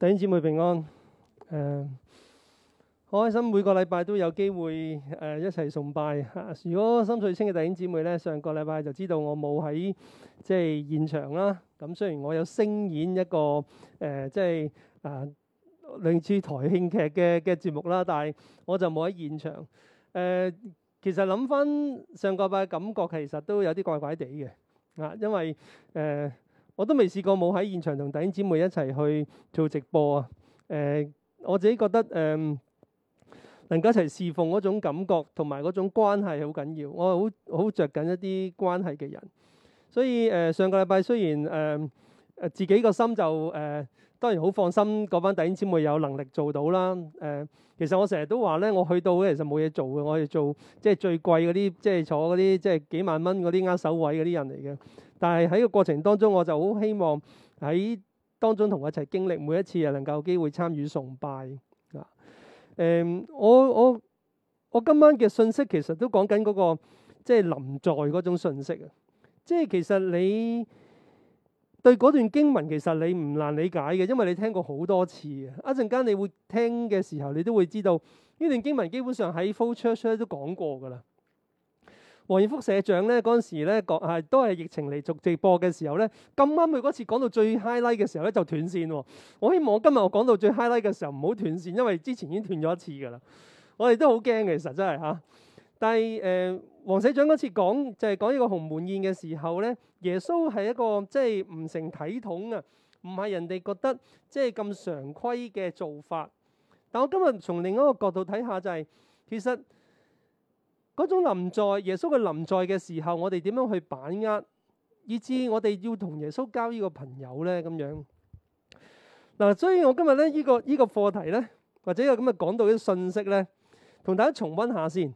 弟兄姐妹平安，誒、呃、好開心每個禮拜都有機會誒、呃、一齊崇拜嚇、啊。如果心水清嘅弟兄姊妹咧，上個禮拜就知道我冇喺即係現場啦。咁雖然我有聲演一個誒、呃、即係啊類似台慶劇嘅嘅節目啦，但係我就冇喺現場。誒、啊、其實諗翻上個禮拜感覺其實都有啲怪怪地嘅啊，因為誒、呃我都未試過冇喺現場同弟兄姊妹一齊去做直播啊！誒、呃，我自己覺得誒、呃、能夠一齊侍奉嗰種感覺同埋嗰種關係好緊要。我好好著緊一啲關係嘅人，所以誒、呃、上個禮拜雖然誒、呃、自己個心就誒、呃、當然好放心，嗰班弟兄姊妹有能力做到啦。誒、呃，其實我成日都話咧，我去到其實冇嘢做嘅，我哋做即係、就是、最貴嗰啲，即、就、係、是、坐嗰啲即係幾萬蚊嗰啲握手位嗰啲人嚟嘅。但係喺個過程當中，我就好希望喺當中同我一齊經歷每一次，又能夠有機會參與崇拜啊！誒、嗯，我我我今晚嘅信息其實都講緊嗰個即係臨在嗰種信息啊！即係其實你對嗰段經文其實你唔難理解嘅，因為你聽過好多次啊！一陣間你會聽嘅時候，你都會知道呢段經文基本上喺 Flow Church 都講過㗎喇。黃義福社長咧嗰陣時咧，講係都係疫情嚟逐直播嘅時候咧，咁啱佢嗰次講到最 highlight 嘅時候咧就斷線喎、哦。我希望我今日我講到最 highlight 嘅時候唔好斷線，因為之前已經斷咗一次㗎喇。我哋都好驚，其實真係嚇。但係誒，黃、呃、社長嗰次講就係講呢個鴻門宴嘅時候咧，耶穌係一個即係唔成體統啊，唔係人哋覺得即係咁常規嘅做法。但我今日從另一個角度睇下就係、是、其實。嗰種臨在，耶穌嘅臨在嘅時候，我哋點樣去把握，以致我哋要同耶穌交呢個朋友咧咁樣。嗱，所以我今日咧呢個呢個課題咧，或者今日講到啲信息咧，同大家重溫下先。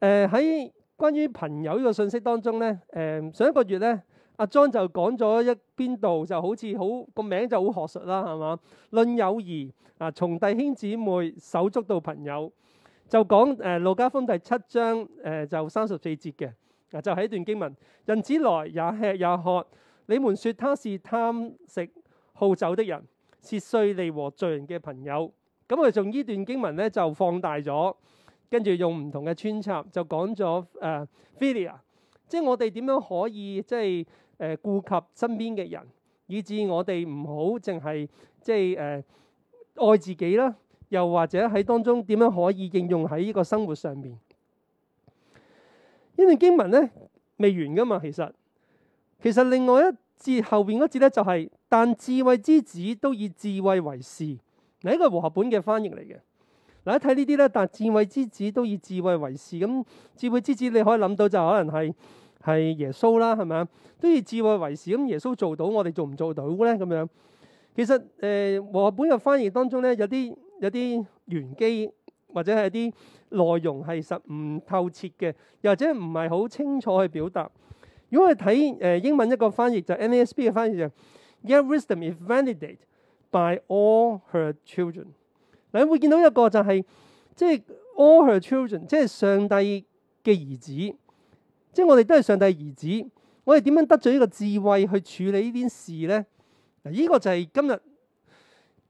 誒，喺關於朋友呢個信息當中咧，誒上一個月咧，阿莊就講咗一邊度，就好似好個名就好學術啦，係嘛？論友誼啊，從弟兄姊妹手足到朋友。就講誒路加福音第七章誒就三十四節嘅，就、啊就是、一段經文，人子來也吃也喝，你們說他是貪食好酒的人，是稅吏和罪人嘅朋友。咁我哋仲呢段經文咧就放大咗，跟住用唔同嘅穿插就講咗誒 filia 即係我哋點樣可以即係誒顧及身邊嘅人，以致我哋唔好淨係即係誒、呃、愛自己啦。又或者喺當中點樣可以應用喺呢個生活上面？呢段經文咧未完噶嘛？其實其實另外一節後邊嗰節咧就係「但智慧之子都以智慧為事」。嗱呢個係和合本嘅翻譯嚟嘅。嗱一睇呢啲咧，「但智慧之子都以智慧為事」。咁智,智,智慧之子你可以諗到就可能係係耶穌啦，係嘛？都以智慧為事。咁耶穌做到，我哋做唔做到咧？咁樣其實誒、呃、和合本嘅翻譯當中咧有啲。有啲玄機或者係啲內容係實唔透徹嘅，又或者唔係好清楚去表達。如果我哋睇誒英文一個翻譯，就是、NASB 嘅翻譯就是、：Yet wisdom is validated by all her children。你會見到一個就係即係 all her children，即係上帝嘅兒子，即、就、係、是、我哋都係上帝兒子。我哋點樣得咗呢個智慧去處理件呢啲事咧？嗱，依個就係今日誒、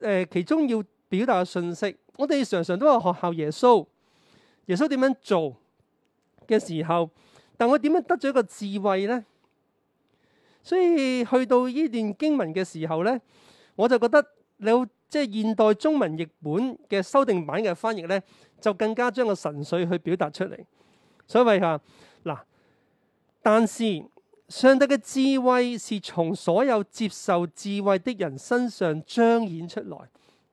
呃、其中要。表達嘅信息，我哋常常都有學效耶穌，耶穌點樣做嘅時候，但我點樣得咗一個智慧呢？所以去到呢段經文嘅時候呢，我就覺得有即係現代中文譯本嘅修訂版嘅翻譯呢，就更加將個神髓去表達出嚟。所以吓嗱，但是上帝嘅智慧是從所有接受智慧的人身上彰顯出來。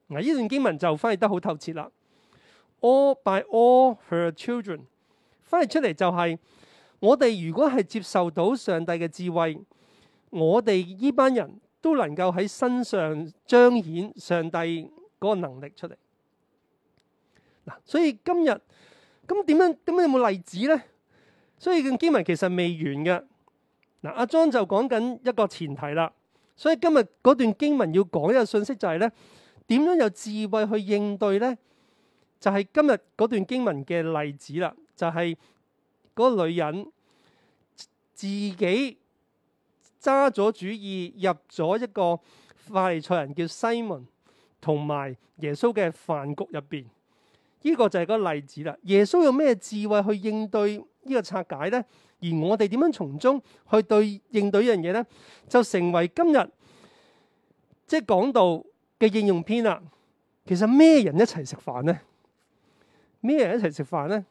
嗱，呢段經文就翻譯得好透徹啦。All by all her children，翻譯出嚟就係、是、我哋如果係接受到上帝嘅智慧，我哋呢班人都能夠喺身上彰顯上帝嗰個能力，出嚟嗱。所以今日咁點樣？點樣有冇例子咧？所以段經文其實未完嘅，嗱。阿、啊、莊就講緊一個前提啦，所以今日嗰段經文要講一個信息就係、是、咧。點樣有智慧去應對呢？就係、是、今日嗰段經文嘅例子啦，就係、是、嗰個女人自己揸咗主意入咗一個法利賽人叫西門，同埋耶穌嘅飯局入邊。呢、這個就係嗰個例子啦。耶穌用咩智慧去應對呢個拆解呢？而我哋點樣從中去對應對呢樣嘢呢？就成為今日即係講道嘅飲食篇啦，其實咩人一齊食飯咧？咩人一齊食飯咧？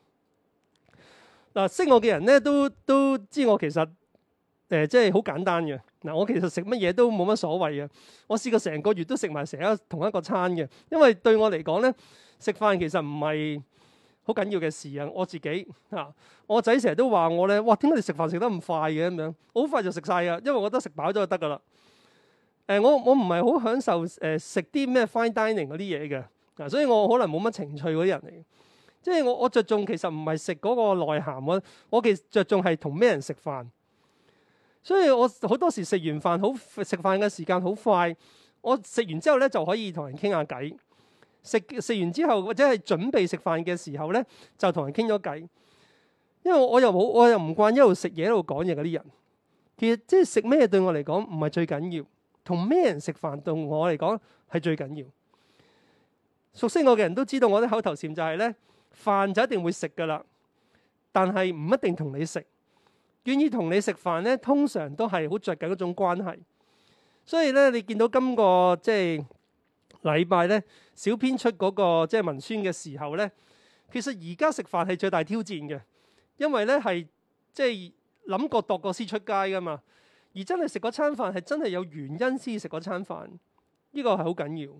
嗱，識我嘅人咧都都知我其實誒、呃，即係好簡單嘅。嗱，我其實食乜嘢都冇乜所謂嘅。我試過成個月都食埋成日同一個餐嘅，因為對我嚟講咧，食飯其實唔係好緊要嘅事啊。我自己啊，我仔成日都話我咧，哇！點解你食飯食得咁快嘅咁樣？好快就食晒噶，因為我覺得食飽咗就得噶啦。誒、呃，我我唔係好享受誒食、呃、啲咩 fine dining 嗰啲嘢嘅啊，所以我可能冇乜情趣嗰啲人嚟嘅，即係我我着重其實唔係食嗰個內涵，我我其實着重係同咩人食飯，所以我好多時食完飯好食飯嘅時間好快，我食完之後咧就可以同人傾下偈食食完之後或者係準備食飯嘅時候咧就同人傾咗偈，因為我又冇我又唔慣一路食嘢一路講嘢嗰啲人，其實即係食咩對我嚟講唔係最緊要。同咩人食飯，對我嚟講係最緊要。熟悉我嘅人都知道，我啲口頭禪就係、是、咧，飯就一定會食噶啦，但係唔一定同你食。願意同你食飯咧，通常都係好着緊嗰種關係。所以咧，你見到今、這個即係禮拜咧，小編出嗰、那個即係、就是、文宣嘅時候咧，其實而家食飯係最大挑戰嘅，因為咧係即係諗過度過先出街噶嘛。而真係食嗰餐飯係真係有原因先食嗰餐飯，呢、呢個係好緊要。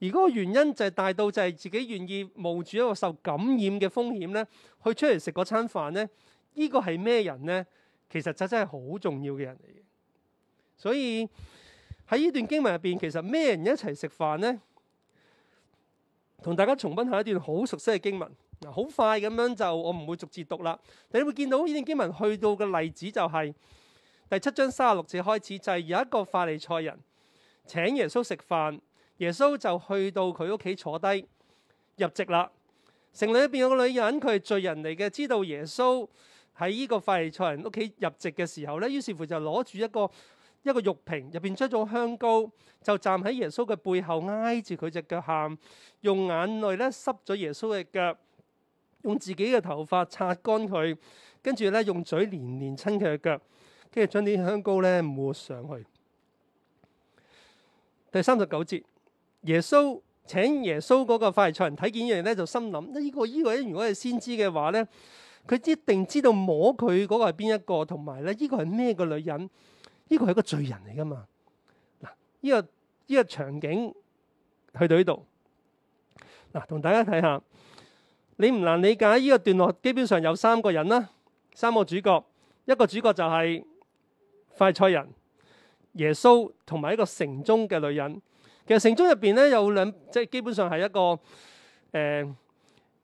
而嗰個原因就係大到就係自己願意冒住一個受感染嘅風險咧，去出嚟食嗰餐飯咧。呢個、呢個係咩人咧？其實就真係好重要嘅人嚟嘅。所以喺呢段經文入邊，其實咩人一齊食飯咧？同大家重温下一段好熟悉嘅經文，好快咁樣就我唔會逐字讀啦。你會見到呢段經文去到嘅例子就係、係。第七章三十六節開始就係、是、有一個法利賽人請耶穌食飯，耶穌就去到佢屋企坐低入席啦。城裏邊有個女人，佢係罪人嚟嘅，知道耶穌喺呢個法利賽人屋企入席嘅時候咧，於是乎就攞住一個一個玉瓶，入邊裝咗香膏，就站喺耶穌嘅背後挨住佢隻腳喊，用眼淚咧濕咗耶穌嘅腳，用自己嘅頭髮擦乾佢，跟住咧用嘴連連親佢嘅腳。跟住將啲香膏咧，抹上去。第三十九節，耶穌請耶穌嗰個法利賽人睇見呢樣嘢咧，就心諗：呢個呢個，呢個、人如果係先知嘅話咧，佢一定知道摸佢嗰個係邊一個，同埋咧呢、呢個係咩個女人？呢、呢個係一個罪人嚟㗎嘛？嗱、呢個，呢個呢個場景去到呢度，嗱，同大家睇下，你唔難理解呢、呢個段落，基本上有三個人啦，三個主角，一個主角就係、係。法利賽人、耶穌同埋一個城中嘅女人。其實城中入邊咧有兩，即係基本上係一個誒、呃、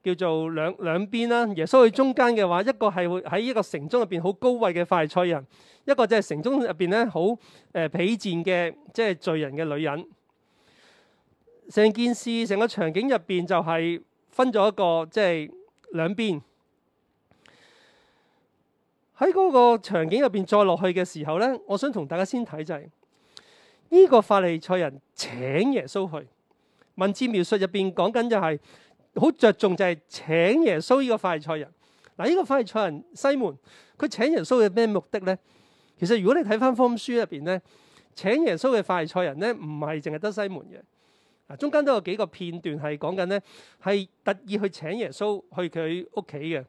叫做兩兩邊啦。耶穌喺中間嘅話，一個係會喺一個城中入邊好高位嘅法利賽人，一個就係城中入邊咧好誒鄙賤嘅即係罪人嘅女人。成件事、成個場景入邊就係分咗一個即係兩邊。就是喺嗰個場景入邊再落去嘅時候咧，我想同大家先睇就係呢個法利賽人請耶穌去。文字描述入邊講緊就係好着重，就係請耶穌呢個法利賽人。嗱，呢個法利賽人西門，佢請耶穌嘅咩目的咧？其實如果你睇翻福音書入邊咧，請耶穌嘅法利賽人咧，唔係淨係得西門嘅。嗱，中間都有幾個片段係講緊咧，係特意去請耶穌去佢屋企嘅。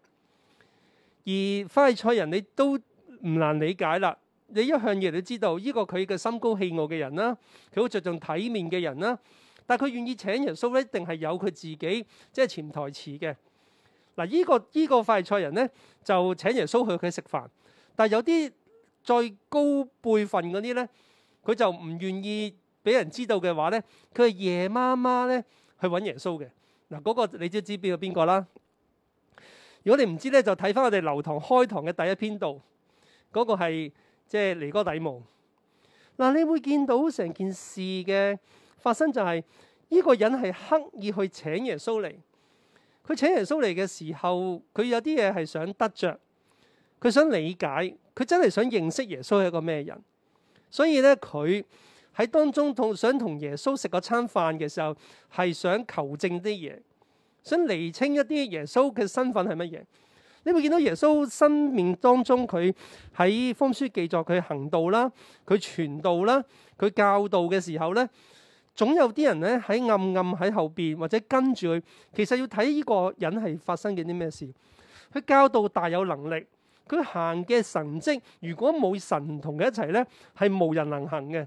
而法利賽人你都唔難理解啦。你一向亦都知道，呢、這個佢嘅心高氣傲嘅人啦，佢好着重體面嘅人啦。但係佢願意請耶穌咧，一定係有佢自己即係潛台詞嘅。嗱、這個，依、這個依個法利賽人咧，就請耶穌去佢食飯。但係有啲再高輩份嗰啲咧，佢就唔願意俾人知道嘅話咧，佢係夜媽媽咧去揾耶穌嘅。嗱、那個，嗰個你都知邊個邊個啦。如果你唔知咧，就睇翻我哋《流堂開堂》嘅第一篇度，嗰個係即係尼哥底母。嗱，你會見到成件事嘅發生就係呢個人係刻意去請耶穌嚟。佢請耶穌嚟嘅時候，佢有啲嘢係想得着，佢想理解，佢真係想認識耶穌係一個咩人。所以咧，佢喺當中同想同耶穌食嗰餐飯嘅時候，係想求證啲嘢。想釐清一啲耶穌嘅身份係乜嘢？你會見到耶穌生命當中，佢喺方書記載佢行道啦、佢傳道啦、佢教導嘅時候咧，總有啲人咧喺暗暗喺後邊或者跟住佢。其實要睇呢個人係發生緊啲咩事。佢教導大有能力，佢行嘅神蹟，如果冇神同佢一齊咧，係無人能行嘅。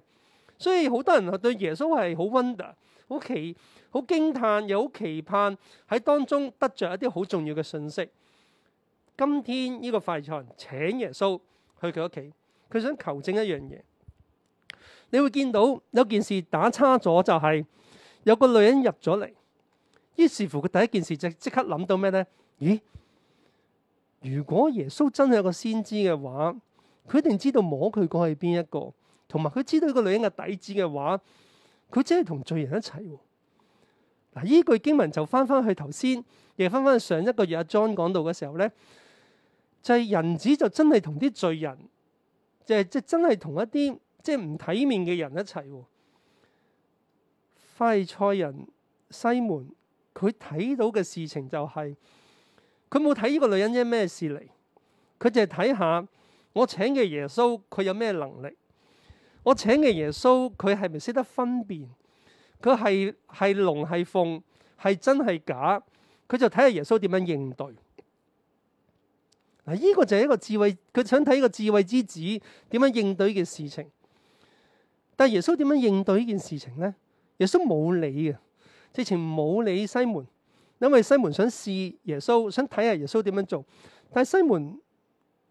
所以好多人對耶穌係好 wonder，好奇。好驚嘆，又好期盼喺當中得着一啲好重要嘅信息。今天呢個法利賽人請耶穌去佢屋企，佢想求證一樣嘢。你會見到有件事打叉咗，就係有個女人入咗嚟。於是乎，佢第一件事就即刻諗到咩呢？咦，如果耶穌真係有個先知嘅話，佢一定知道摸佢個係邊一個，同埋佢知道個女人嘅底子嘅話，佢真係同罪人一齊。嗱，依句經文就翻翻去頭先，又翻翻上一個月阿 John 講到嘅時候咧，就係、是、人子就真係同啲罪人，就係、是、即、就是、真係同一啲即唔體面嘅人一齊喎。法利賽人西門，佢睇到嘅事情就係、是，佢冇睇呢個女人因咩事嚟，佢淨係睇下我請嘅耶穌佢有咩能力，我請嘅耶穌佢係咪識得分辨？佢係係龍係鳳係真係假，佢就睇下耶穌點樣應對。嗱，呢個就係一個智慧，佢想睇個智慧之子點樣應對呢件事情。但係耶穌點樣應對呢件事情咧？耶穌冇理嘅，之前冇理西門，因為西門想試耶穌，想睇下耶穌點樣做。但係西門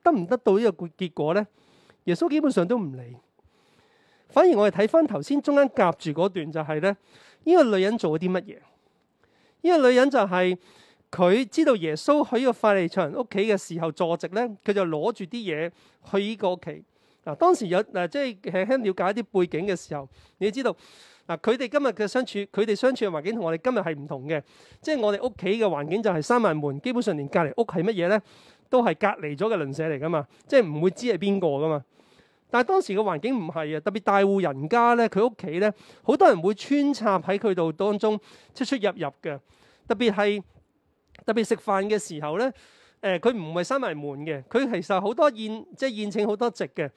得唔得到呢個結果咧？耶穌基本上都唔理。反而我哋睇翻頭先中間夾住嗰段就係咧，呢、這個女人做咗啲乜嘢？呢、這個女人就係、是、佢知道耶穌去個法利賽人屋企嘅時候坐席咧，佢就攞住啲嘢去呢個屋企。嗱、啊，當時有嗱、啊，即係輕輕了解一啲背景嘅時候，你知道嗱，佢、啊、哋今日嘅相處，佢哋相處嘅環境我同我哋今日係唔同嘅。即係我哋屋企嘅環境就係閂埋門，基本上連隔離屋係乜嘢咧，都係隔離咗嘅鄰舍嚟噶嘛，即係唔會知係邊個噶嘛。但係當時嘅環境唔係啊，特別大戶人家咧，佢屋企咧，好多人會穿插喺佢度當中出出入入嘅。特別係特別食飯嘅時候咧，誒佢唔係閂埋門嘅，佢其實好多宴即係宴請好多席嘅。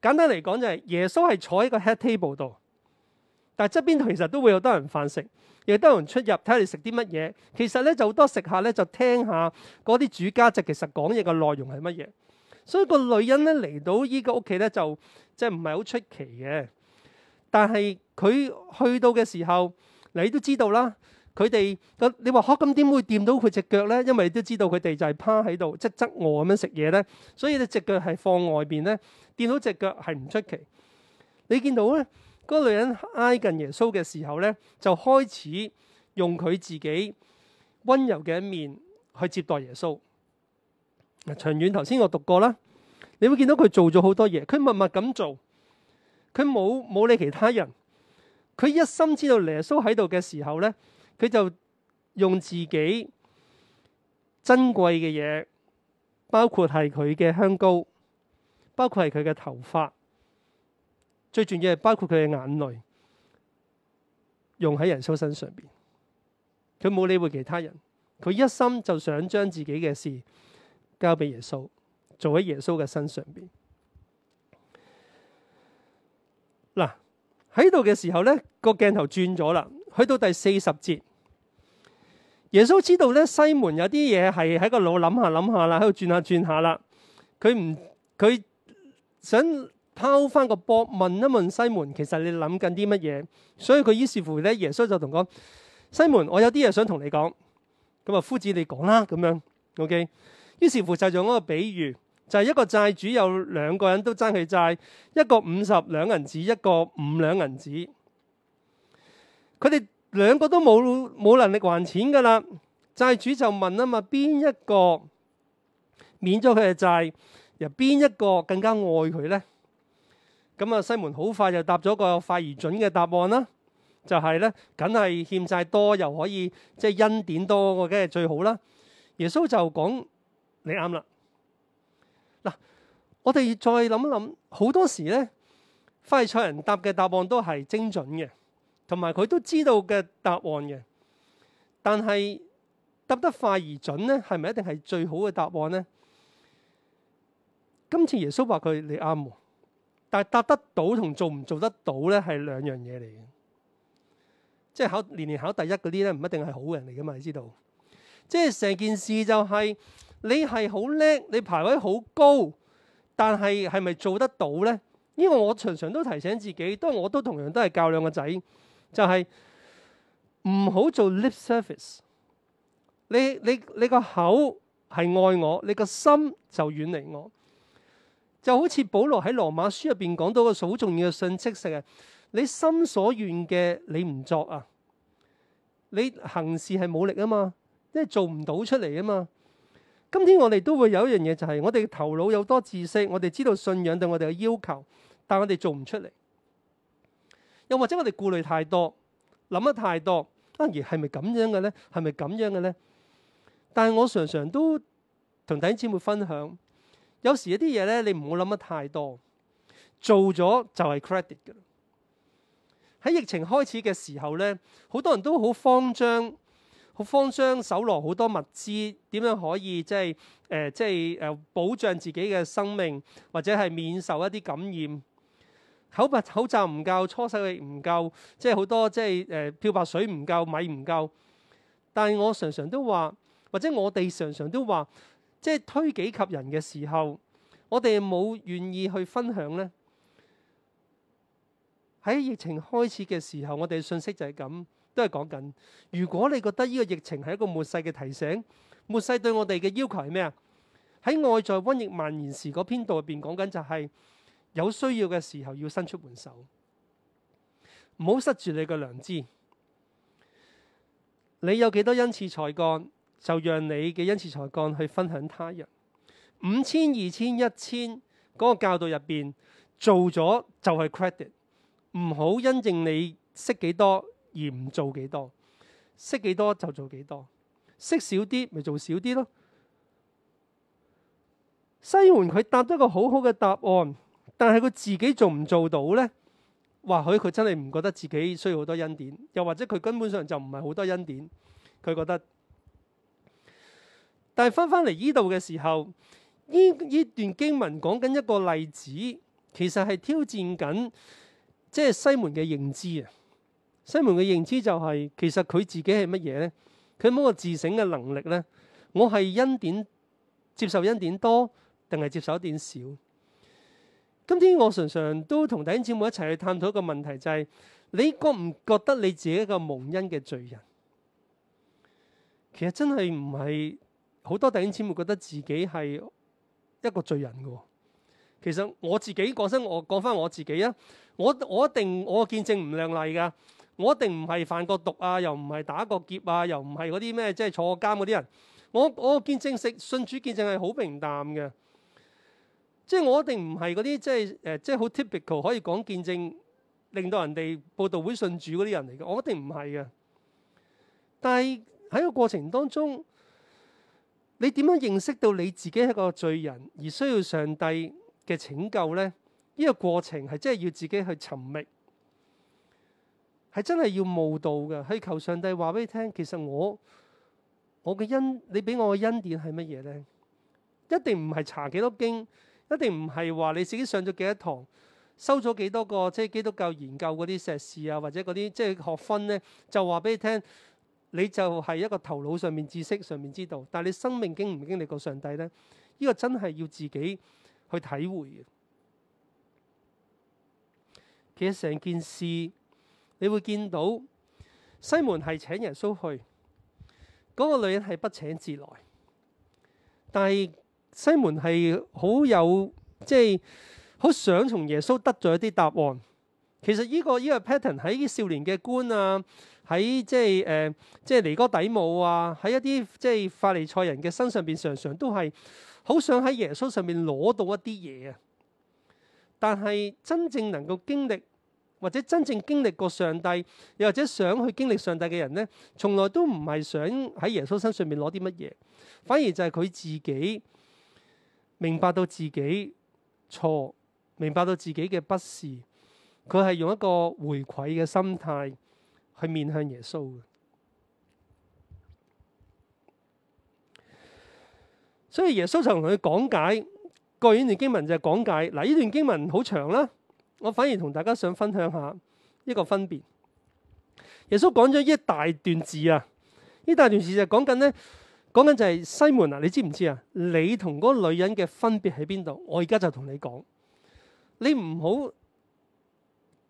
簡單嚟講就係耶穌係坐喺個 head table 度，但側邊其實都會有多人飯食，亦都有人出入睇下你食啲乜嘢。其實咧就好多食客咧就聽下嗰啲主家席其實講嘢嘅內容係乜嘢。所以個女人咧嚟到依個屋企咧，就即係唔係好出奇嘅。但係佢去到嘅時候，你都知道啦。佢哋你話吓，咁點會掂到佢隻腳咧？因為你都知道佢哋就係趴喺度，即係側臥咁樣食嘢咧。所以咧，隻腳係放外邊咧，掂到隻腳係唔出奇。你見到咧，個女人挨近耶穌嘅時候咧，就開始用佢自己温柔嘅一面去接待耶穌。長遠頭先我讀過啦，你會見到佢做咗好多嘢，佢默默咁做，佢冇冇理其他人，佢一心知道耶穌喺度嘅時候咧，佢就用自己珍貴嘅嘢，包括係佢嘅香膏，包括係佢嘅頭髮，最重要係包括佢嘅眼淚，用喺耶穌身上邊，佢冇理會其他人，佢一心就想將自己嘅事，交俾耶穌做喺耶穌嘅身上邊嗱。喺度嘅時候咧，呢個鏡頭轉咗啦。去到第四十節，耶穌知道咧西門有啲嘢係喺個腦諗下諗下啦，喺度轉下轉下啦。佢唔佢想拋翻個波問一問西門，其實你諗緊啲乜嘢？所以佢於是乎咧，耶穌就同講西門，我有啲嘢想同你講咁啊，夫子你講啦，咁樣。O K。於是乎就是用嗰個比喻，就係一個債主有兩個人都爭佢債，一個五十兩銀子，一個五兩銀子。佢哋兩個都冇冇能力還錢噶啦，債主就問啊嘛，邊一個免咗佢嘅債，由邊一個更加愛佢咧？咁啊，西門好快就答咗個快而準嘅答案啦，就係咧，梗係欠債多又可以即係恩典多，我梗係最好啦。耶穌就講。你啱啦，嗱，我哋再諗一諗，好多時咧，法利賽人答嘅答案都係精準嘅，同埋佢都知道嘅答案嘅。但係答得快而準咧，係咪一定係最好嘅答案咧？今次耶穌話佢你啱喎，但係答得到同做唔做得到咧，係兩樣嘢嚟嘅。即係考年年考第一嗰啲咧，唔一定係好人嚟噶嘛。你知道，即係成件事就係、是。你係好叻，你排位好高，但係係咪做得到呢？因為我常常都提醒自己，都我都同樣都係教兩個仔，就係唔好做 lip service。你你你個口係愛我，你個心就遠離我。就好似保羅喺羅馬書入邊講到個好重要嘅信息息，成日你心所願嘅你唔作啊，你行事係冇力啊嘛，即係做唔到出嚟啊嘛。今天我哋都會有一樣嘢，就係、是、我哋嘅頭腦有多知識，我哋知道信仰對我哋嘅要求，但我哋做唔出嚟。又或者我哋顧慮太多，諗得太多，呃、是不如係咪咁樣嘅咧？係咪咁樣嘅咧？但係我常常都同弟兄姊妹分享，有時一啲嘢咧，你唔好諗得太多，做咗就係 credit 嘅。喺疫情開始嘅時候咧，好多人都好慌張。好慌張搜羅好多物資，點樣可以即係誒，即係誒保障自己嘅生命，或者係免受一啲感染？口白口罩唔夠，搓手液唔夠，即係好多即係誒漂白水唔夠，米唔夠。但係我常常都話，或者我哋常常都話，即係推己及人嘅時候，我哋冇願意去分享呢？喺疫情開始嘅時候，我哋信息就係咁。都係講緊。如果你覺得呢個疫情係一個末世嘅提醒，末世對我哋嘅要求係咩啊？喺外在瘟疫蔓延時，就是，嗰篇度入邊講緊就係有需要嘅時候要伸出援手，唔好失住你嘅良知。你有幾多恩賜才幹，就讓你嘅恩賜才幹去分享他人。五千、二千、一千嗰個教導入邊做咗就係 credit，唔好因應你識幾多。而唔做幾多，識幾多就做幾多，識少啲咪做少啲咯。西門佢答咗個好好嘅答案，但係佢自己做唔做到呢？或許佢真係唔覺得自己需要好多恩典，又或者佢根本上就唔係好多恩典，佢覺得。但係翻返嚟呢度嘅時候，呢呢段經文講緊一個例子，其實係挑戰緊即係西門嘅認知啊。西門嘅認知就係、是，其實佢自己係乜嘢呢？佢冇個自省嘅能力呢？我係恩典接受恩典多，定係接受恩典少？今天我常常都同弟兄姊妹一齊去探討一個問題，就係、是、你覺唔覺得你自己一個蒙恩嘅罪人？其實真係唔係好多弟兄姊妹覺得自己係一個罪人嘅。其實我自己講真，我講翻我自己啊，我我一定我見證唔靚麗噶。我一定唔係犯過毒啊，又唔係打過劫啊，又唔係嗰啲咩，即係坐監嗰啲人。我我見證食信主見證係好平淡嘅，即係我一定唔係嗰啲即係誒、呃、即係好 typical 可以講見證令到人哋報道會信主嗰啲人嚟嘅，我一定唔係嘅。但係喺個過程當中，你點樣認識到你自己係個罪人而需要上帝嘅拯救咧？呢、呢個過程係真係要自己去尋覓。係真係要慕道嘅，去求上帝話俾你聽。其實我我嘅恩，你俾我嘅恩典係乜嘢呢？一定唔係查幾多經，一定唔係話你自己上咗幾多堂，收咗幾多個即係基督教研究嗰啲碩士啊，或者嗰啲即係學分呢，就話俾你聽，你就係一個頭腦上面知識上面，上面知道，但係你生命經唔經歷過上帝呢？呢？呢個真係要自己去體會嘅。其實成件事。你會見到西門係請耶穌去，嗰、那個女人係不請自來，但係西門係好有，即係好想從耶穌得咗一啲答案。其實呢、這個呢、這個 pattern 喺少年嘅官啊，喺即係誒，即、呃、係、就是、尼哥底母啊，喺一啲即係法利賽人嘅身上邊，常常都係好想喺耶穌上面攞到一啲嘢啊。但係真正能夠經歷。或者真正經歷過上帝，又或者想去經歷上帝嘅人呢，從來都唔係想喺耶穌身上面攞啲乜嘢，反而就係佢自己明白到自己錯，明白到自己嘅不是，佢係用一個回饋嘅心態去面向耶穌嘅。所以耶穌就同佢講解，過呢段經文就係講解。嗱，呢段經文好長啦。我反而同大家想分享下一個分別。耶穌講咗一大段字啊，呢大段字就講緊咧，講緊就係西門啊，你知唔知啊？你同嗰女人嘅分別喺邊度？我而家就同你講，你唔好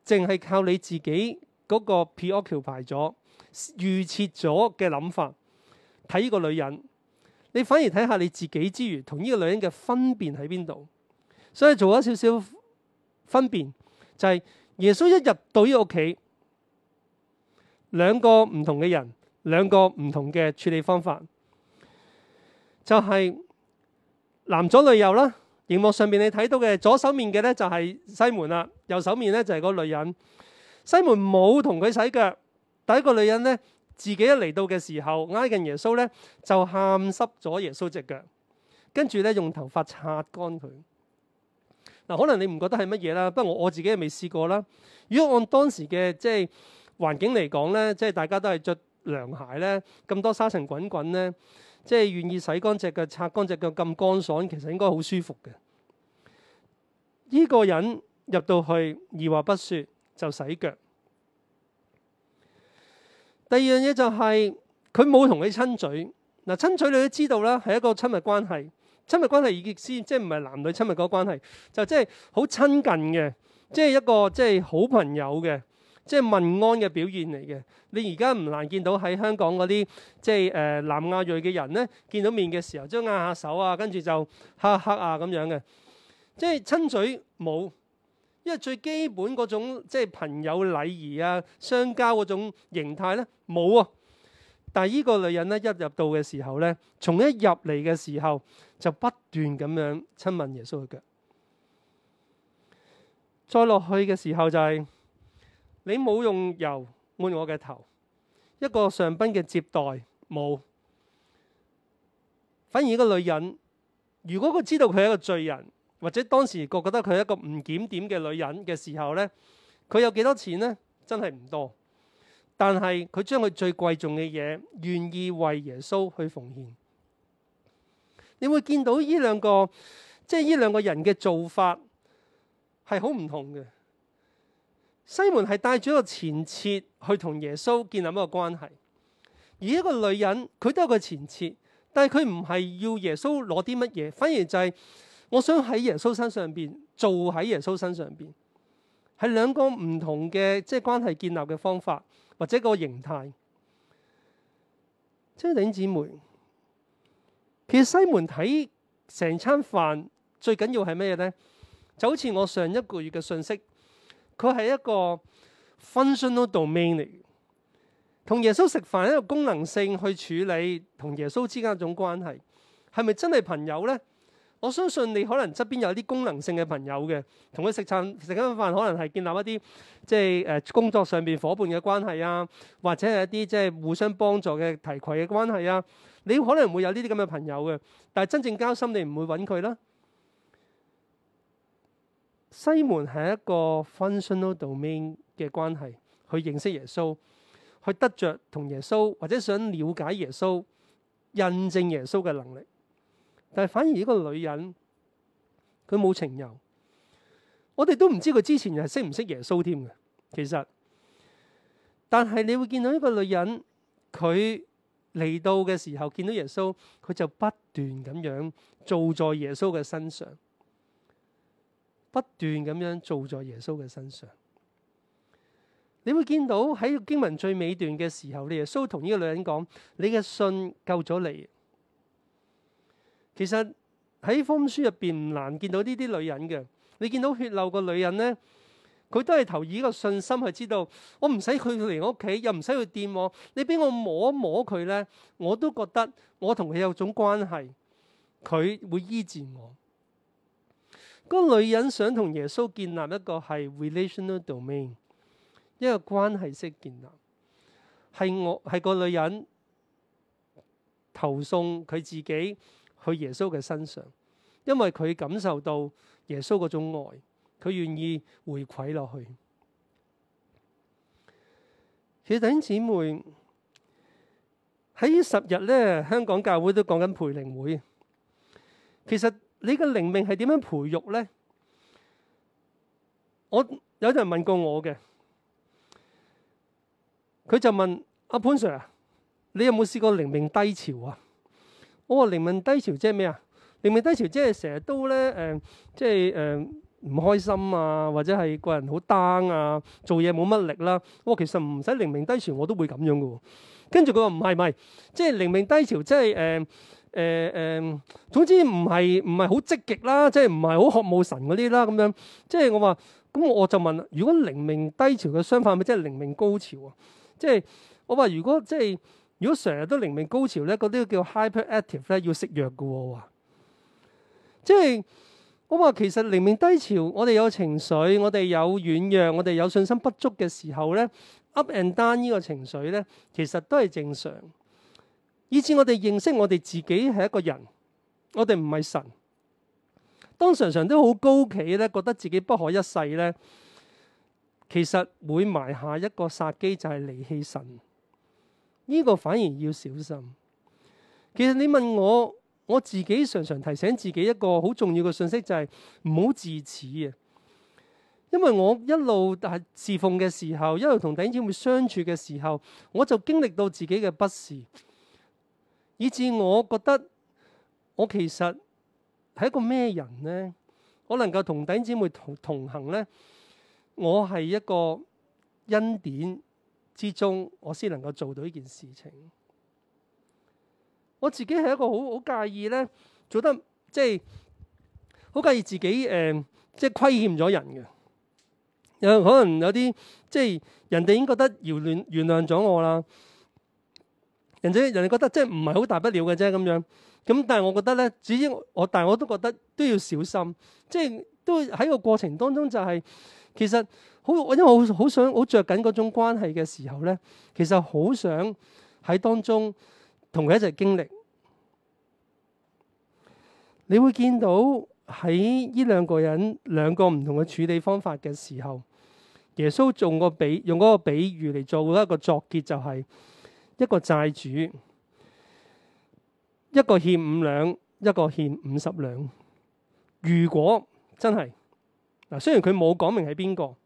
淨係靠你自己嗰個 preoccupied 咗預設咗嘅諗法睇呢個女人，你反而睇下你自己之餘，同呢個女人嘅分別喺邊度？所以做咗少少。分辨就係耶穌一入到呢屋企，兩個唔同嘅人，兩個唔同嘅處理方法，就係男左女右啦。熒幕上面你睇到嘅左手面嘅咧就係西門啦，右手面咧就係個女人。西門冇同佢洗腳，第一個女人咧自己一嚟到嘅時候挨近耶穌咧就喊濕咗耶穌隻腳，跟住咧用頭髮擦乾佢。嗱，可能你唔覺得係乜嘢啦，不過我我自己係未試過啦。如果按當時嘅即係環境嚟講咧，即係大家都係着涼鞋咧，咁多沙塵滾滾咧，即係願意洗乾隻腳、擦乾隻腳咁乾爽，其實應該好舒服嘅。依、這個人入到去，二話不說就洗腳。第二樣嘢就係佢冇同你親嘴。嗱，親嘴你都知道啦，係一個親密關係。親密關係已經先，即係唔係男女親密嗰個關係，就即係好親近嘅，即係一個即係好朋友嘅，即係問安嘅表現嚟嘅。你而家唔難見到喺香港嗰啲即係誒南亞裔嘅人咧，見到面嘅時候將握下手啊，跟住就嚇嚇啊咁樣嘅，即係親嘴冇，因為最基本嗰種即係朋友禮儀啊、相交嗰種形態咧冇啊。但係呢個女人咧，一入到嘅時候咧，從一入嚟嘅時候就不斷咁樣親吻耶穌嘅腳。再落去嘅時候就係你冇用油抹我嘅頭，一個上賓嘅接待冇。反而呢個女人，如果佢知道佢係一個罪人，或者當時覺覺得佢係一個唔檢點嘅女人嘅時候咧，佢有幾多錢咧？真係唔多。但係佢將佢最貴重嘅嘢，願意為耶穌去奉獻。你會見到呢兩個，即係呢兩個人嘅做法係好唔同嘅。西門係帶住一個前設去同耶穌建立一個關係，而一個女人佢都有個前設，但係佢唔係要耶穌攞啲乜嘢，反而就係我想喺耶穌身上邊做喺耶穌身上邊，係兩個唔同嘅即係關係建立嘅方法。或者個形態，即係頂姊妹，其實西門睇成餐飯最緊要係咩咧？就好似我上一個月嘅信息，佢係一個 functional domain 嚟，同耶穌食飯一個功能性去處理同耶穌之間一種關係，係咪真係朋友咧？我相信你可能側邊有啲功能性嘅朋友嘅，同佢食餐食餐飯可能係建立一啲即係誒工作上邊伙伴嘅關係啊，或者係一啲即係互相幫助嘅提携嘅關係啊。你可能會有呢啲咁嘅朋友嘅，但係真正交心你唔會揾佢啦西門係一個 functional domain 嘅關係，去認識耶穌，去得着同耶穌，或者想了解耶穌，印證耶穌嘅能力。但係反而呢個女人，佢冇情由。我哋都唔知佢之前係識唔識耶穌添嘅。其實，但係你會見到呢個女人，佢嚟到嘅時候，見到耶穌，佢就不斷咁樣做在耶穌嘅身上，不斷咁樣做在耶穌嘅身上。你會見到喺經文最尾段嘅時候，耶穌同呢個女人講：你嘅信救咗你。其實喺福音書入邊唔難見到呢啲女人嘅。你見到血漏個女人呢，佢都係投以一個信心去知道，我唔使佢嚟我屋企，又唔使去掂我，你俾我摸一摸佢呢。」我都覺得我同佢有種關係，佢會醫治我。個女人想同耶穌建立一個係 relational domain，一個關係式建立，係我係個女人投送佢自己。佢耶穌嘅身上，因為佢感受到耶穌嗰種愛，佢願意回饋落去。其實弟兄姊妹喺十日咧，香港教會都講緊培靈會。其實你嘅靈命係點樣培育咧？我有啲人問過我嘅，佢就問阿、啊、潘 Sir，你有冇試過靈命低潮啊？我話靈命低潮即係咩啊？靈命低潮即係成日都咧誒、呃，即係誒唔開心啊，或者係個人好 down 啊，做嘢冇乜力啦。我、哦、其實唔使靈命低潮，我都會咁樣噶。跟住佢話唔係唔係，即係靈命低潮即，即係誒誒誒，總之唔係唔係好積極啦，即係唔係好渴慕神嗰啲啦咁樣。即係我話，咁我就問，如果靈命低潮嘅相反係咪即係靈命高潮啊？即係我話如果即係。如果成日都靈命高潮咧，嗰啲叫 hyperactive 咧，要食藥嘅喎。即係我話，其實靈命低潮，我哋有情緒，我哋有軟弱，我哋有信心不足嘅時候咧，up and down 呢個情緒咧，其實都係正常。以至我哋認識我哋自己係一個人，我哋唔係神。當常常都好高企咧，覺得自己不可一世咧，其實每埋下一個殺機，就係離棄神。呢個反而要小心。其實你問我，我自己常常提醒自己一個好重要嘅信息，就係唔好自恃嘅。因為我一路係侍奉嘅時候，一路同弟姐妹相處嘅時候，我就經歷到自己嘅不是，以至我覺得我其實係一個咩人呢？我能夠同弟姐妹同同行呢？我係一個恩典之中，我先能夠做到呢件事情。我自己係一個好好介意咧，做得即係好介意自己誒、呃，即係虧欠咗人嘅。有可能有啲即係人哋已經覺得饒亂原諒咗我啦，人哋人哋覺得即係唔係好大不了嘅啫咁樣。咁但係我覺得咧，至於我，但係我都覺得都要小心，即係都喺個過程當中就係、是、其實。好，我因為我好想好着緊嗰種關係嘅時候咧，其實好想喺當中同佢一齊經歷。你會見到喺呢兩個人兩個唔同嘅處理方法嘅時候，耶穌做個比用嗰個比喻嚟，做一個作結，就係一個債主，一個欠五兩，一個欠五十兩。如果真係嗱，雖然佢冇講明係邊個。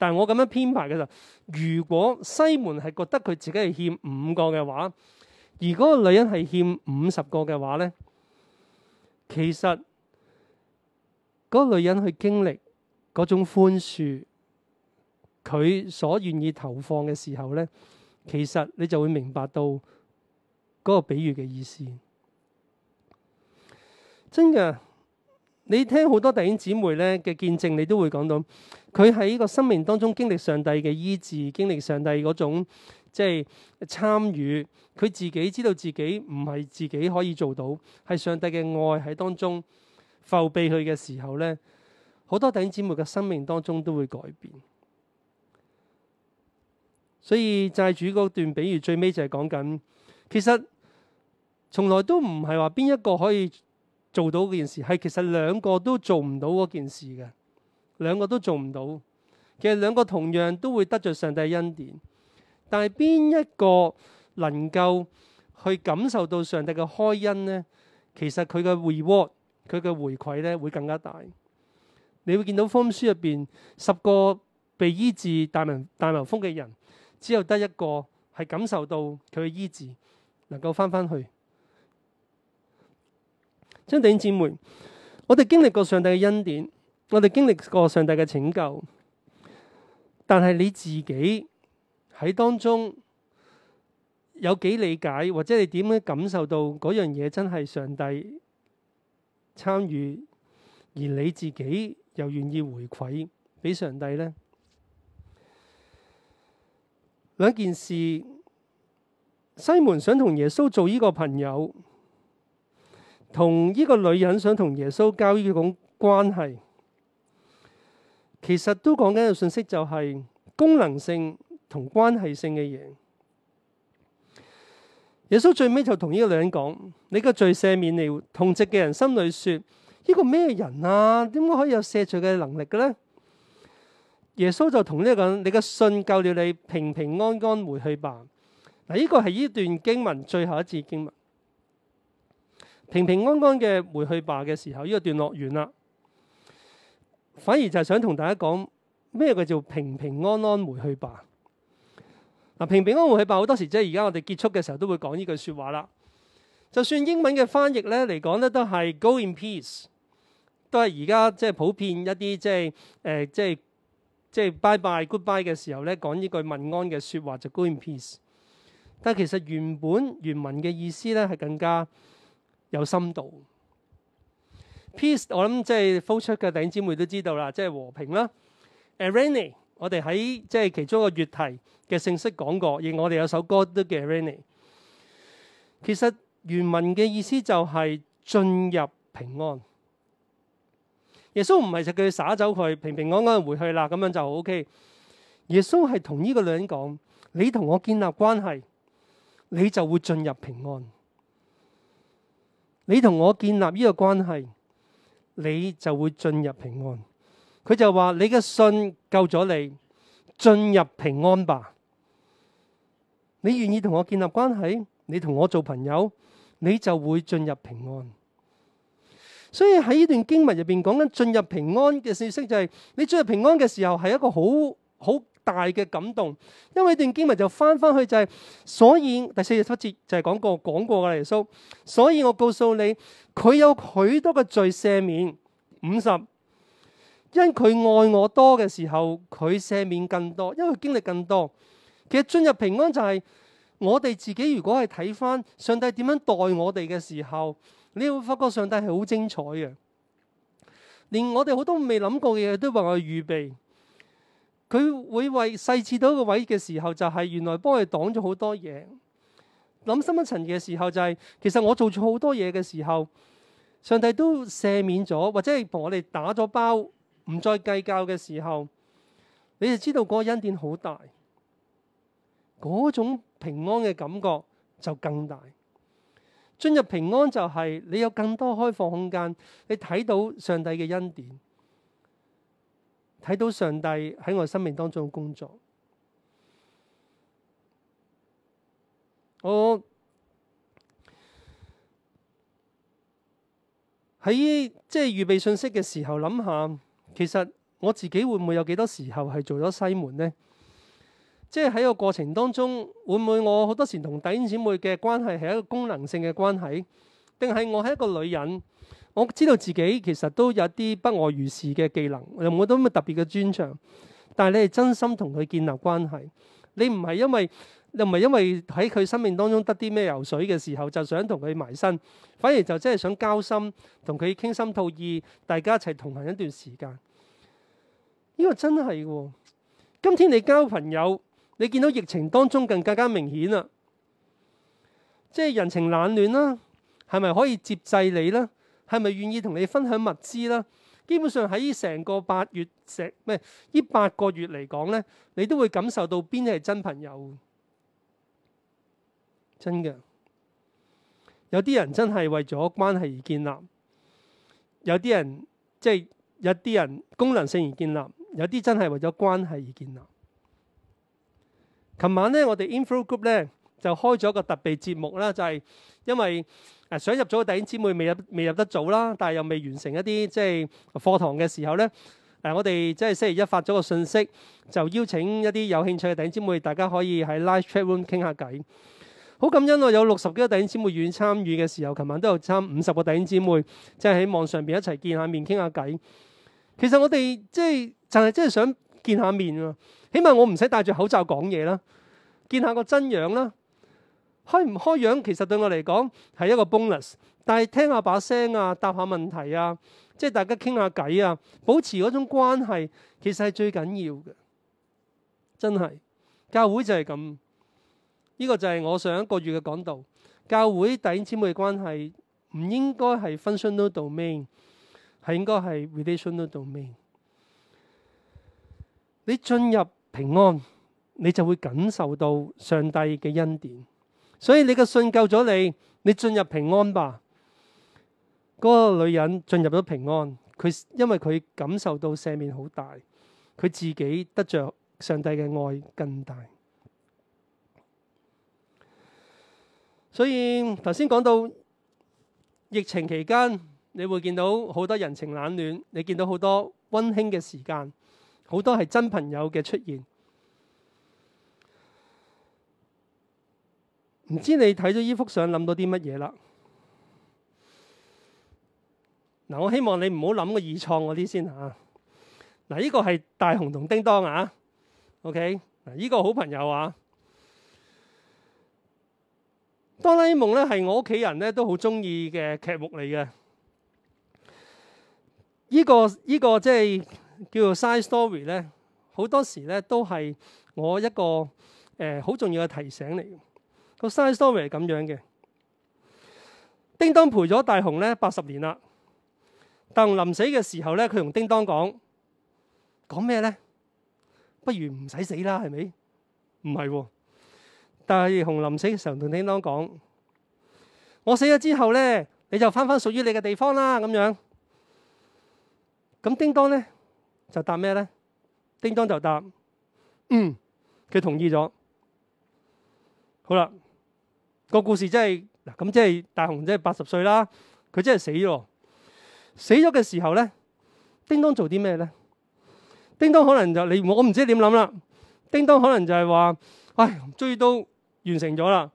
但係我咁樣編排嘅時候，如果西門係覺得佢自己係欠五個嘅話，而嗰個女人係欠五十個嘅話咧，其實嗰個女人去經歷嗰種寬恕，佢所願意投放嘅時候咧，其實你就會明白到嗰個比喻嘅意思。真嘅。你聽好多弟兄姊妹咧嘅見證，你都會講到佢喺呢個生命當中經歷上帝嘅醫治，經歷上帝嗰種即係參與，佢自己知道自己唔係自己可以做到，係上帝嘅愛喺當中扶庇佢嘅時候咧，好多弟兄姊妹嘅生命當中都會改變。所以債主嗰段比喻最尾就係講緊，其實從來都唔係話邊一個可以。做到件事，係其實兩個都做唔到件事嘅，兩個都做唔到。其實兩個同樣都會得着上帝恩典，但係邊一個能夠去感受到上帝嘅開恩咧？其實佢嘅 reward，佢嘅回饋咧會更加大。你會見到福音書入邊十個被醫治大痲大痲瘋嘅人，只有得一個係感受到佢嘅醫治，能夠翻返去。真弟兄姊妹，我哋經歷過上帝嘅恩典，我哋經歷過上帝嘅拯救，但係你自己喺當中有幾理解，或者你點樣感受到嗰樣嘢真係上帝參與，而你自己又願意回饋俾上帝呢？兩件事，西門想同耶穌做呢個朋友。同呢個女人想同耶穌交易嗰種關係，其實都講緊一個信息，就係功能性同關係性嘅嘢。耶穌最尾就同呢個女人講：你個罪赦免了。同席嘅人心裏説：呢個咩人啊？點解可以有赦罪嘅能力嘅咧？耶穌就同呢個人：你嘅信救了你，平平安安回去吧。嗱，呢個係呢段經文最後一節經文。平平安安嘅回去吧嘅時候，呢個段落完啦。反而就係想同大家講咩叫做平平安安回去吧嗱、啊。平平安安回去吧好多時即係而家我哋結束嘅時候都會講呢句説話啦。就算英文嘅翻譯咧嚟講咧都係 Go in peace，都係而家即係普遍一啲即係誒即係即係拜拜 goodbye 嘅時候咧講呢句問安嘅説話就 Go in peace。但係其實原本原文嘅意思咧係更加。有深度。Peace，我諗即係付出嘅弟兄姊妹都知道啦，即係和平啦。Eirene，我哋喺即係其中一個月題嘅信息講過，而我哋有首歌都叫 Eirene。其實原文嘅意思就係進入平安。耶穌唔係就佢耍走佢，平平安安回去啦，咁樣就 O、OK、K。耶穌係同呢個女人講：你同我建立關係，你就會進入平安。你同我建立呢個關係，你就會進入平安。佢就話：你嘅信救咗你，進入平安吧。你願意同我建立關係，你同我做朋友，你就會進入平安。所以喺呢段經文入邊講緊進入平安嘅信息，就係你進入平安嘅時候係一個好好大嘅感動，因為段經文就翻翻去就係、是，所以第四十七節就係講過講過嘅耶穌，所以我告訴你，佢有許多嘅罪赦免五十，50，因佢愛我多嘅時候，佢赦免更多，因為佢經歷更多。其實進入平安就係、是、我哋自己如果係睇翻上帝點樣待我哋嘅時候，你會發覺上帝係好精彩嘅，連我哋好多未諗過嘅嘢，都為我預備。佢會為細緻到一個位嘅時候，就係原來幫佢擋咗好多嘢。諗深一層嘅時候、就係，就係其實我做咗好多嘢嘅時候，上帝都赦免咗，或者係幫我哋打咗包，唔再計較嘅時候，你就知道嗰個恩典好大。嗰種平安嘅感覺就更大。進入平安就係你有更多開放空間，你睇到上帝嘅恩典。睇到上帝喺我生命當中嘅工作，我喺即係預備信息嘅時候，諗下其實我自己會唔會有幾多時候係做咗西門呢？即係喺個過程當中，會唔會我好多時同弟兄姊妹嘅關係係一個功能性嘅關係，定係我係一個女人？我知道自己其實都有啲不外如是嘅技能，又冇乜特別嘅專長。但係你係真心同佢建立關係，你唔係因為又唔係因為喺佢生命當中得啲咩油水嘅時候就想同佢埋身，反而就真係想交心，同佢傾心吐意，大家一齊同行一段時間。呢、這個真係喎、哦！今天你交朋友，你見到疫情當中更加加明顯啦，即係人情冷暖啦，係咪可以接濟你呢？係咪願意同你分享物資啦？基本上喺成個八月石咩？呢八個月嚟講咧，你都會感受到邊啲係真朋友？真嘅，有啲人真係為咗關係而建立有；就係、有啲人即係有啲人功能性而建立；有啲真係為咗關係而建立。琴晚咧，我哋 info group 咧就開咗一個特別節目啦，就係、是、因為。誒想入咗嘅弟兄姊妹未入未入得組啦，但係又未完成一啲即係課堂嘅時候咧，誒、啊、我哋即係星期一發咗個信息，就邀請一啲有興趣嘅弟兄姊妹，大家可以喺 live chat room 傾下偈。好感恩啊！我有六十幾個弟兄姊妹院參與嘅時候，琴晚都有參五十個弟兄姊妹，即係喺網上邊一齊見一下面傾下偈。其實我哋即係就係真係想見下面啊，起碼我唔使戴住口罩講嘢啦，見下個真樣啦。開唔開樣，其實對我嚟講係一個 bonus。但係聽下把聲啊，答下問題啊，即係大家傾下偈啊，保持嗰種關係，其實係最緊要嘅。真係教會就係咁，呢、這個就係我上一個月嘅講道。教會弟兄姊妹嘅關係唔應該係 functional domain，係應該係 relational domain。你進入平安，你就會感受到上帝嘅恩典。所以你嘅信救咗你，你進入平安吧。嗰個女人進入咗平安，佢因為佢感受到赦免好大，佢自己得着上帝嘅愛更大。所以頭先講到疫情期間，你會見到好多人情冷暖，你見到好多溫馨嘅時間，好多係真朋友嘅出現。唔知你睇咗依幅相諗到啲乜嘢啦？嗱、啊，我希望你唔好諗個二創嗰啲先嚇。嗱、啊，呢、啊這個係大雄同叮當啊，OK？呢、啊這個好朋友啊，哆啦 A 夢咧係我屋企人咧都好中意嘅劇目嚟嘅。呢、這個依、這個即、就、係、是、叫做 side story 咧，好多時咧都係我一個誒好、呃、重要嘅提醒嚟。個 size story 係咁樣嘅，叮噹陪咗大雄咧八十年啦。大雄臨死嘅時候咧，佢同叮噹講，講咩咧？不如唔使死啦，係咪？唔係，但係大雄臨死嘅時候同叮噹講，我死咗之後咧，你就翻翻屬於你嘅地方啦，咁樣。咁叮噹咧就答咩咧？叮噹就答，嗯，佢同意咗。好啦。個故事、就是、真係嗱，咁即係大雄即係八十歲啦，佢真係死咗。死咗嘅時候咧，叮當做啲咩咧？叮當可能就你我唔知點諗啦。叮當可能就係話：唉，終於都完成咗啦。誒、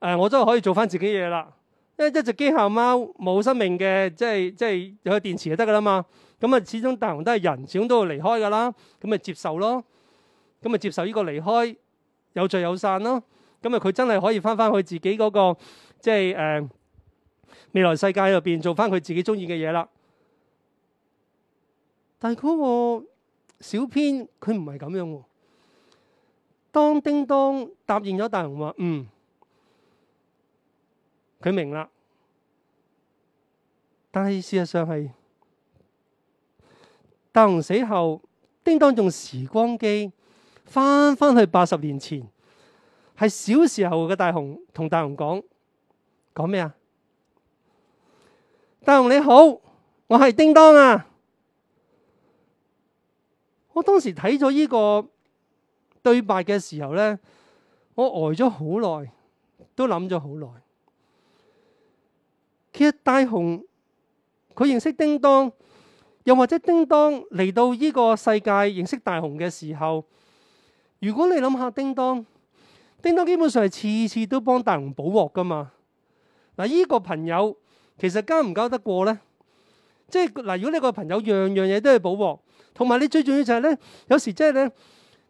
呃，我真係可以做翻自己嘢啦。因為一隻機械貓冇生命嘅，即係即係有個電池就得噶啦嘛。咁啊，始終大雄都係人，始終都要離開噶啦。咁咪接受咯。咁咪接受呢個離開，有聚有散咯。今日佢真係可以翻返去自己嗰，嗰個即係誒、呃、未來世界入邊做翻佢自己中意嘅嘢啦。但係個小編佢唔係咁樣，當叮當答應咗大雄話嗯，佢明啦。但係事實上係大雄死後叮當用時光機翻返去八十年前。係小時候嘅大雄，同大雄講講咩啊？大雄你好，我係叮當啊！我當時睇咗呢個對白嘅時候咧，我呆咗好耐，都諗咗好耐。其實大雄佢認識叮當，又或者叮當嚟到呢個世界認識大雄嘅時候，如果你諗下叮當。叮當基本上係次次都幫大雄補鑊㗎嘛。嗱，依個朋友其實交唔交得過咧？即係嗱，如果你個朋友樣樣嘢都係補鑊，同埋你最重要就係咧，有時即係咧，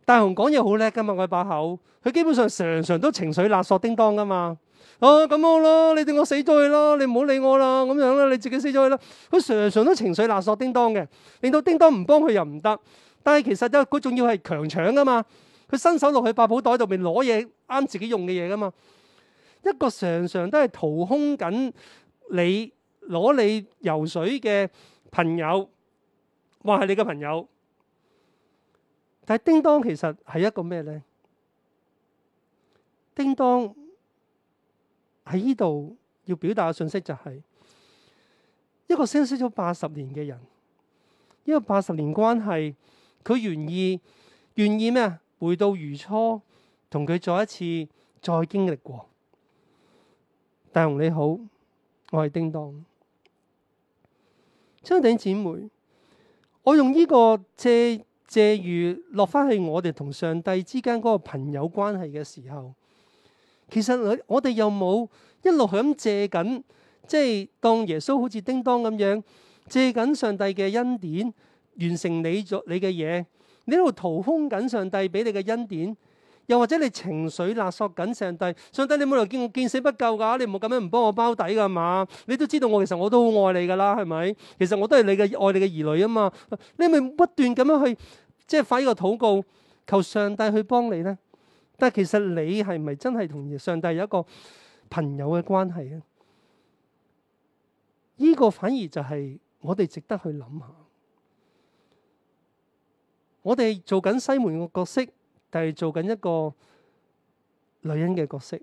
大雄講嘢好叻㗎嘛，佢把口，佢基本上常常，常都情緒勒索叮當㗎嘛。哦、啊，咁好咯，你對我死咗去咯，你唔好理我啦，咁樣啦，你自己死咗去啦。佢常常都情緒勒索叮當嘅，令到叮當唔幫佢又唔得。但係其實又佢仲要係強搶㗎嘛，佢伸手落去百寶袋度面攞嘢。啱自己用嘅嘢㗎嘛？一個常常都係掏空緊你、攞你游水嘅朋友，話係你嘅朋友。但係叮當其實係一個咩咧？叮當喺呢度要表達嘅信息就係、是、一個消失咗八十年嘅人，一個八十年關係，佢願意願意咩啊？回到如初。同佢再一次再經歷過，大雄你好，我係叮當。兄弟姊妹，我用呢個借借喻落翻去我哋同上帝之間嗰個朋友關係嘅時候，其實我哋又冇一路響借緊，即係當耶穌好似叮當咁樣借緊上帝嘅恩典，完成你做你嘅嘢，你喺度掏空緊上帝俾你嘅恩典。又或者你情緒勒索緊上帝，上帝你冇理由見我見死不救噶，你唔好咁樣唔幫我包底噶嘛。你都知道我其實我都好愛你噶啦，係咪？其實我都係你嘅愛你嘅兒女啊嘛。你咪不斷咁樣去，即係發呢個禱告，求上帝去幫你咧。但係其實你係咪真係同上帝有一個朋友嘅關係咧？呢個反而就係我哋值得去諗下。我哋做緊西門嘅角色。就係做緊一個女人嘅角色。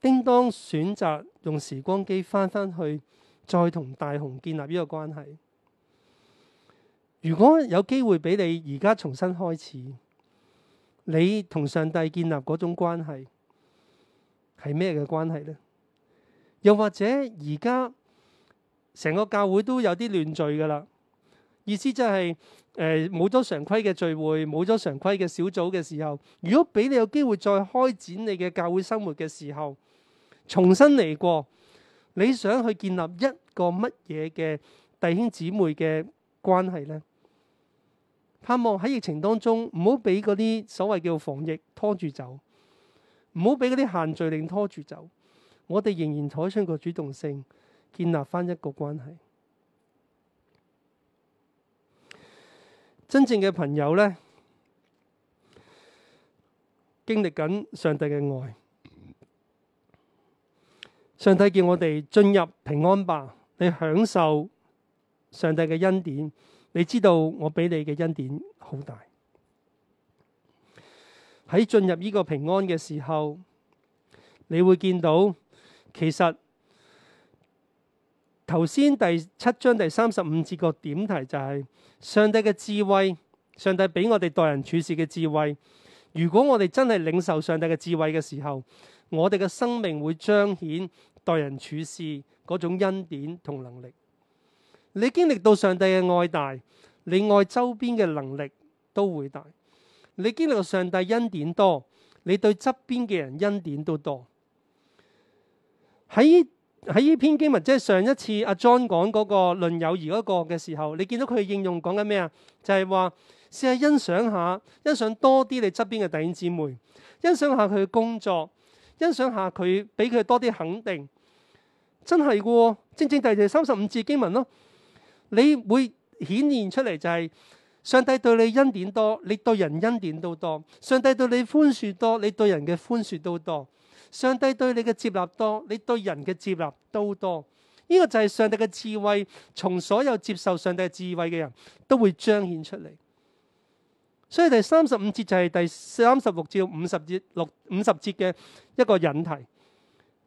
叮噹選擇用時光機翻返去，再同大雄建立呢個關係。如果有機會俾你而家重新開始，你同上帝建立嗰種關係係咩嘅關係呢？又或者而家成個教會都有啲亂序噶啦。意思就係、是、誒、冇、呃、咗常規嘅聚會，冇咗常規嘅小組嘅時候，如果俾你有機會再開展你嘅教會生活嘅時候，重新嚟過，你想去建立一個乜嘢嘅弟兄姊妹嘅關係呢？盼望喺疫情當中唔好俾嗰啲所謂叫防疫拖住走，唔好俾嗰啲限聚令拖住走，我哋仍然採取個主動性，建立翻一個關係。真正嘅朋友呢，經歷緊上帝嘅愛，上帝叫我哋進入平安吧，你享受上帝嘅恩典，你知道我俾你嘅恩典好大。喺進入呢個平安嘅時候，你會見到其實。頭先第七章第三十五節個點題就係上帝嘅智慧，上帝俾我哋待人處事嘅智慧。如果我哋真係領受上帝嘅智慧嘅時候，我哋嘅生命會彰顯待人處事嗰種恩典同能力。你經歷到上帝嘅愛大，你愛周邊嘅能力都會大。你經歷到上帝恩典多，你對側邊嘅人的恩典都多。喺。喺呢篇經文，即係上一次阿 John 講嗰個論友誼嗰個嘅時候，你見到佢嘅應用講緊咩啊？就係話，試下欣賞下，欣賞多啲你側邊嘅弟兄姊妹，欣賞下佢嘅工作，欣賞下佢俾佢多啲肯定。真係喎，正正地地三十五節經文咯，你會顯現出嚟就係，上帝對你恩典多，你對人恩典都多；上帝對你寬恕多，你對人嘅寬恕都多。上帝對你嘅接納多，你對人嘅接納都多。呢個就係上帝嘅智慧，從所有接受上帝嘅智慧嘅人都會彰顯出嚟。所以第三十五節就係第三十六至五十節六五十節嘅一個引題。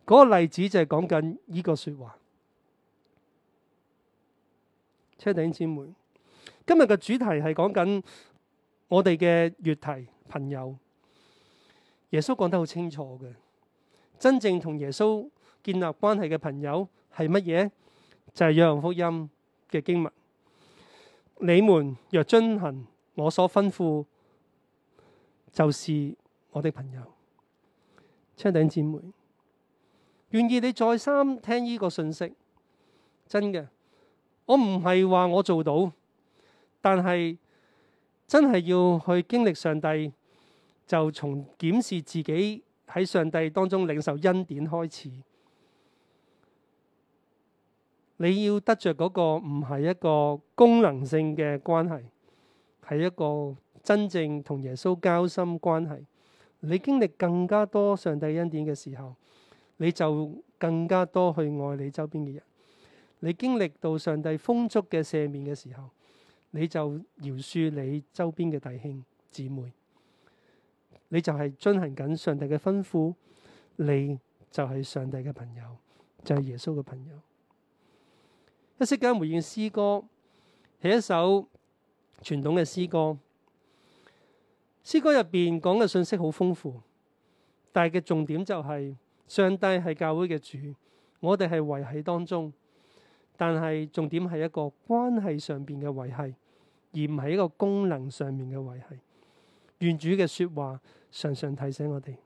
嗰個例子就係講緊呢個說話。車頂姊妹，今日嘅主題係講緊我哋嘅月題，朋友。耶穌講得好清楚嘅。真正同耶穌建立關係嘅朋友係乜嘢？就係約翰福音嘅經文。你們若遵行我所吩咐，就是我的朋友。車頂姊妹，願意你再三聽呢個信息。真嘅，我唔係話我做到，但係真係要去經歷上帝，就從檢視自己。喺上帝當中領受恩典開始，你要得着嗰個唔係一個功能性嘅關係，係一個真正同耶穌交心關係。你經歷更加多上帝恩典嘅時候，你就更加多去愛你周邊嘅人。你經歷到上帝豐足嘅赦免嘅時候，你就饒恕你周邊嘅弟兄姊妹。你就係進行緊上帝嘅吩咐，你就係上帝嘅朋友，就係耶穌嘅朋友。一息間回應詩歌係一首傳統嘅詩歌，詩歌入邊講嘅信息好豐富，但係嘅重點就係上帝係教會嘅主，我哋係維繫當中，但係重點係一個關係上邊嘅維繫，而唔係一個功能上面嘅維繫。願主嘅說話常常提醒我哋。